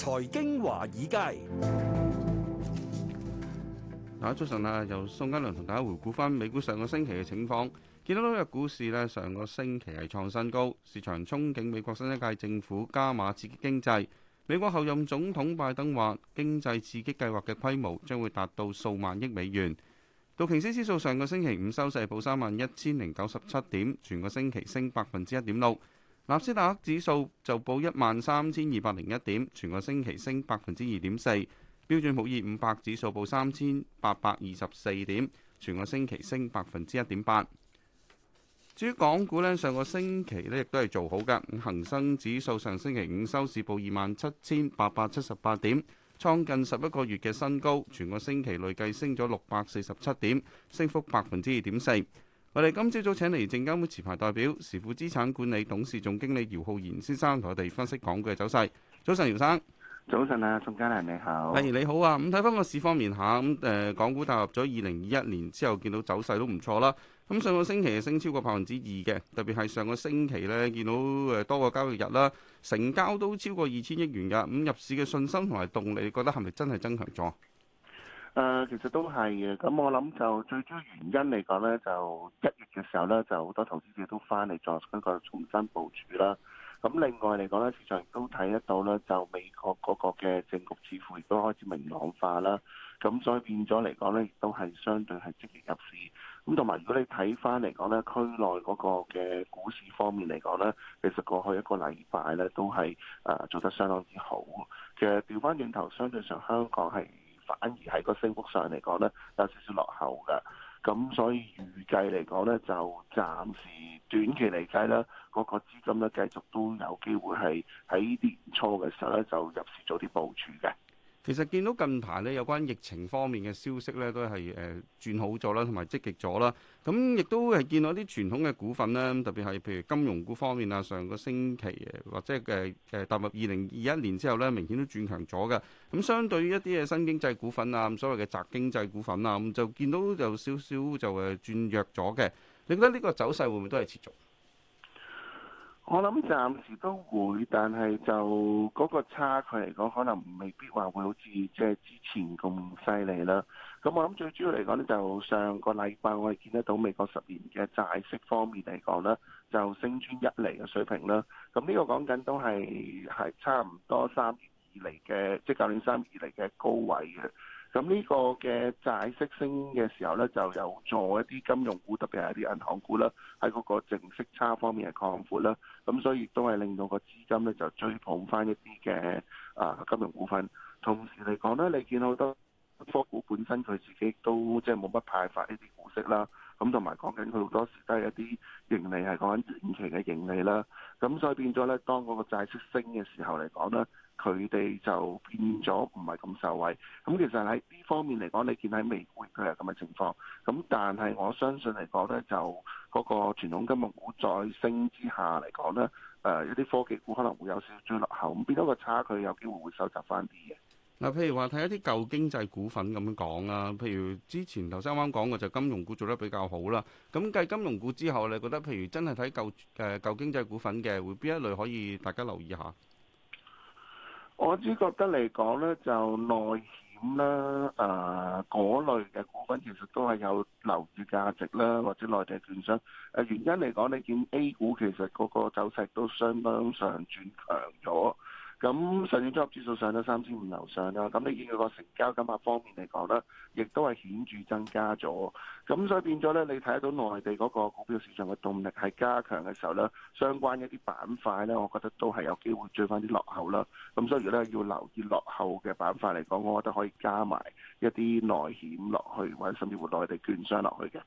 財經華爾街，大家早晨啊！由宋嘉良同大家回顧翻美股上個星期嘅情況。見到今日股市咧，上個星期係創新高，市場憧憬美國新一屆政府加碼刺激經濟。美國後任總統拜登話，經濟刺激計劃嘅規模將會達到數萬億美元。道瓊斯指數上個星期五收市係報三萬一千零九十七點，全個星期升百分之一點六。納斯達克指數就報一萬三千二百零一點，全個星期升百分之二點四。標準普爾五百指數報三千八百二十四點，全個星期升百分之一點八。至於港股呢，上個星期呢亦都係做好嘅。恒生指數上星期五收市報二萬七千八百七十八點，創近十一個月嘅新高。全個星期累計升咗六百四十七點，升幅百分之二點四。我哋今朝早請嚟證監會持牌代表、時富資產管理董事總經理姚浩然先生同我哋分析港股嘅走勢。早晨，姚生。早晨啊，宋嘉麗你好。誒，hey, 你好啊。咁睇翻個市方面下，咁誒，港股踏入咗二零二一年之後，見到走勢都唔錯啦。咁上個星期升超過百分之二嘅，特別係上個星期咧，見到誒多個交易日啦，成交都超過二千億元噶。咁入市嘅信心同埋動力，你覺得係咪真係增強咗？誒、呃，其實都係嘅。咁我諗就最主要原因嚟講呢，就一月嘅時候呢，就好多投資者都翻嚟作一個重新部署啦。咁另外嚟講呢，市場亦都睇得到呢，就美國嗰個嘅政局似乎亦都開始明朗化啦。咁所以變咗嚟講呢，亦都係相對係積極入市。咁同埋如果你睇翻嚟講呢，區內嗰個嘅股市方面嚟講呢，其實過去一個禮拜呢，都係誒、呃、做得相當之好。其實調翻轉頭，相對上香港係，反而喺個升幅上嚟講呢，有少少落後嘅，咁所以預計嚟講呢，就暫時短期嚟計呢，嗰個資金呢，繼續都有機會係喺年初嘅時候呢，就入市做啲部署嘅。其實見到近排咧有關疫情方面嘅消息咧，都係誒轉好咗啦，同埋積極咗啦。咁、嗯、亦都係見到啲傳統嘅股份咧，特別係譬如金融股方面啊，上個星期或者誒誒踏入二零二一年之後咧，明顯都轉強咗嘅。咁、嗯、相對於一啲嘅新經濟股份啊，咁所謂嘅宅經濟股份啊，咁就見到有就少少就誒轉弱咗嘅。你覺得呢個走勢會唔會都係持續？我諗暫時都會，但係就嗰個差距嚟講，可能未必話會好似即係之前咁犀利啦。咁我諗最主要嚟講咧，就上個禮拜我係見得到美國十年嘅債息方面嚟講呢就升穿一釐嘅水平啦。咁呢個講緊都係係差唔多三月以嚟嘅，即係舊年三月以嚟嘅高位嘅。咁呢個嘅債息升嘅時候咧，就有助一啲金融股，特別係一啲銀行股啦，喺嗰個淨息差方面係擴闊啦。咁所以亦都係令到個資金咧就追捧翻一啲嘅啊金融股份。同時嚟講咧，你見好多科股本身佢自己都即係冇乜派發一啲股息啦。咁同埋講緊佢好多時都係一啲盈利係講緊短期嘅盈利啦。咁所以變咗咧，當嗰個債息升嘅時候嚟講咧。佢哋就變咗唔係咁受惠，咁其實喺呢方面嚟講，你見喺美股佢係咁嘅情況。咁但係我相信嚟講咧，就嗰個傳統金融股再升之下嚟講咧，誒、呃、一啲科技股可能會有少少落後，咁變咗個差距，有機會會收窄翻啲嘅。嗱，譬如話睇一啲舊經濟股份咁樣講啦，譬如之前頭先啱講嘅就係、金融股做得比較好啦。咁繼金融股之後，你覺得譬如真係睇舊誒舊經濟股份嘅，會邊一類可以大家留意下？我只覺得嚟講咧，就內險啦，誒、呃、嗰類嘅股份其實都係有留意價值啦，或者內地券商。誒原因嚟講，你見 A 股其實個個走勢都相當上轉強咗。咁上證綜合指數上咗三千五樓上啦，咁你見佢個成交金額方面嚟講咧，亦都係顯著增加咗。咁所以變咗咧，你睇到內地嗰個股票市場嘅動力係加強嘅時候咧，相關一啲板塊咧，我覺得都係有機會追翻啲落後啦。咁所以如果咧，要留意落後嘅板塊嚟講，我覺得可以加埋一啲內險落去，或者甚至乎內地券商落去嘅。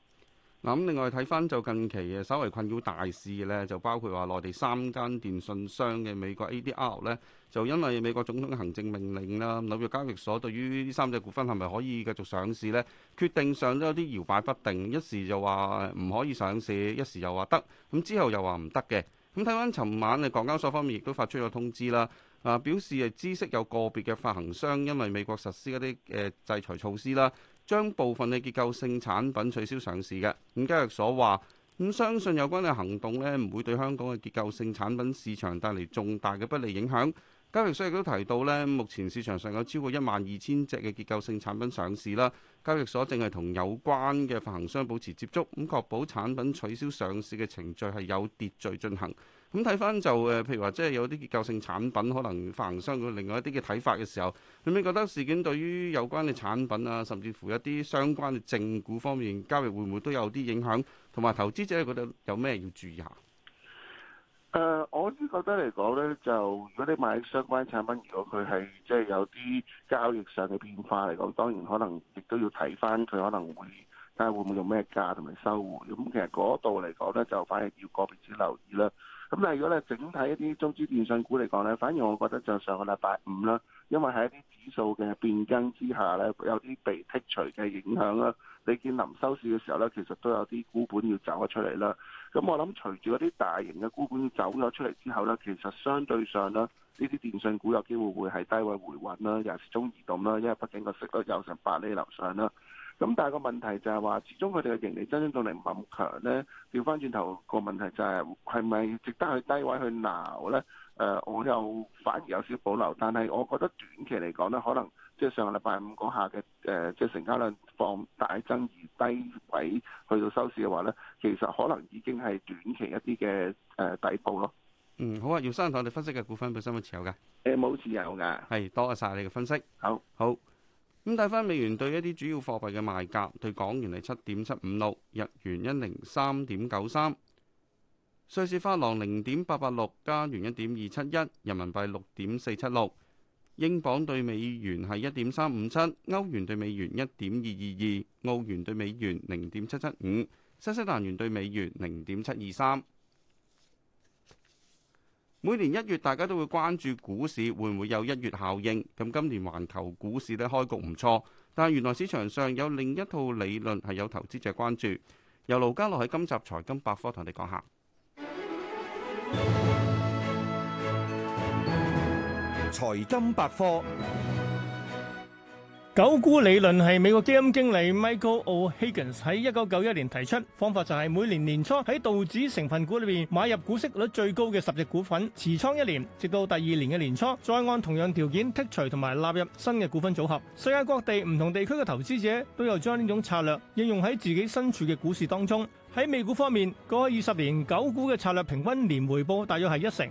嗱，另外睇翻就近期嘅稍為困擾大市咧，就包括話內地三間電訊商嘅美國 ADR 咧，就因為美國總統行政命令啦，紐約交易所對於呢三隻股份係咪可以繼續上市呢，決定上都有啲搖擺不定，一時就話唔可以上市，一時又話得，咁之後又話唔得嘅。咁睇翻尋晚嘅港交所方面亦都發出咗通知啦，啊表示係知悉有個別嘅發行商因為美國實施一啲嘅制裁措施啦。將部分嘅結構性產品取消上市嘅，咁交易所話，咁相信有關嘅行動咧，唔會對香港嘅結構性產品市場帶嚟重大嘅不利影響。交易所亦都提到咧，目前市場上有超過一萬二千隻嘅結構性產品上市啦。交易所淨係同有關嘅發行商保持接觸，咁確保產品取消上市嘅程序係有秩序進行。咁睇翻就誒，譬如話即係有啲結構性產品可能發行商有另外一啲嘅睇法嘅時候，你咪覺得事件對於有關嘅產品啊，甚至乎一啲相關嘅正股方面交易會唔會都有啲影響？同埋投資者覺得有咩要注意下？覺得嚟講咧，就如果你買相關產品，如果佢係即係有啲交易上嘅變化嚟講，當然可能亦都要睇翻佢可能會，睇下會唔會用咩價同埋收回？咁、嗯、其實嗰度嚟講咧，就反而要個別自己留意啦。咁但係如果咧，整體一啲中資電信股嚟講咧，反而我覺得就上個禮拜五啦，因為喺一啲指數嘅變更之下咧，有啲被剔除嘅影響啦。你見臨收市嘅時候咧，其實都有啲股本要走咗出嚟啦。咁我諗隨住嗰啲大型嘅股本走咗出嚟之後咧，其實相對上咧，呢啲電信股有機會會係低位回穩啦，尤其是中移動啦，因為畢竟個息率有成百釐樓上啦。咁但係個問題就係話，始終佢哋嘅盈利增長動力唔係咁強咧。掉返轉頭個問題就係，係咪值得去低位去鬧咧？誒、呃，我又反而有少保留。但係我覺得短期嚟講咧，可能即係上個禮拜五嗰下嘅誒，即係、呃、成交量放大增而低位去到收市嘅話咧，其實可能已經係短期一啲嘅誒底部咯。嗯，好啊，楊生同我哋分析嘅股份有冇嘅持有嘅？誒、呃，冇持有噶。係多謝晒你嘅分析。好，好。咁睇翻美元對一啲主要貨幣嘅賣價，對港元係七點七五六，日元一零三點九三，瑞士法郎零點八八六，加元一點二七一，人民幣六點四七六，英鎊對美元係一點三五七，歐元對美元一點二二二，澳元對美元零點七七五，新西蘭元對美元零點七二三。每年一月，大家都會關注股市會唔會有一月效應。咁今年環球股市咧開局唔錯，但原來市場上有另一套理論係有投資者關注。由盧家樂喺今集財金百科同你講下。財金百科。九股理論係美國基金經理 Michael O'Higgins 喺一九九一年提出，方法就係每年年初喺道指成分股裏邊買入股息率最高嘅十隻股份，持倉一年，直到第二年嘅年初，再按同樣條件剔除同埋納入新嘅股份組合。世界各地唔同地區嘅投資者都有將呢種策略應用喺自己身處嘅股市當中。喺美股方面，過去二十年九股嘅策略平均年回報大約係一成。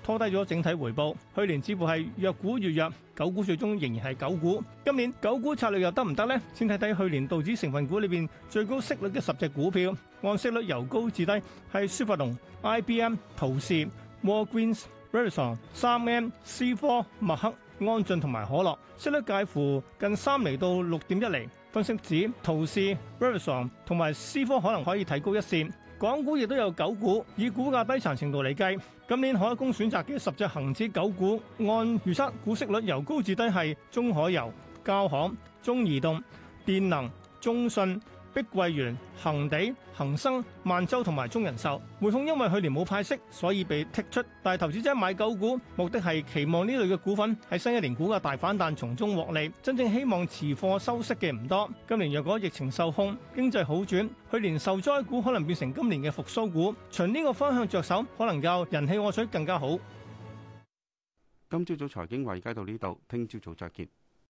拖低咗整體回報，去年只數係弱股越弱，九股最終仍然係九股。今年九股策略又得唔得呢？先睇睇去年道指成分股裏邊最高息率嘅十隻股票，按息率由高至低係雪佛龍、IBM、陶氏、Walgreens、Verizon、三 M、思科、麥克、安進同埋可樂，息率介乎近三厘到六點一厘。分析指陶氏、Verizon 同埋思科可能可以提高一線。港股亦都有九股，以股價低殘程度嚟計，今年可供選擇嘅十隻恒指九股，按預測股息率由高至低係中海油、交行、中移動、電能、中信。碧桂園、恒地、恒生、萬洲同埋中人壽，匯控因為去年冇派息，所以被剔出。但係投資者買舊股目的係期望呢類嘅股份喺新一年股價大反彈從中獲利。真正希望持貨收息嘅唔多。今年若果疫情受控、經濟好轉，去年受災股可能變成今年嘅復甦股。從呢個方向着手，可能夠人氣我水更加好。今朝早財經華爾街到呢度，聽朝早再見。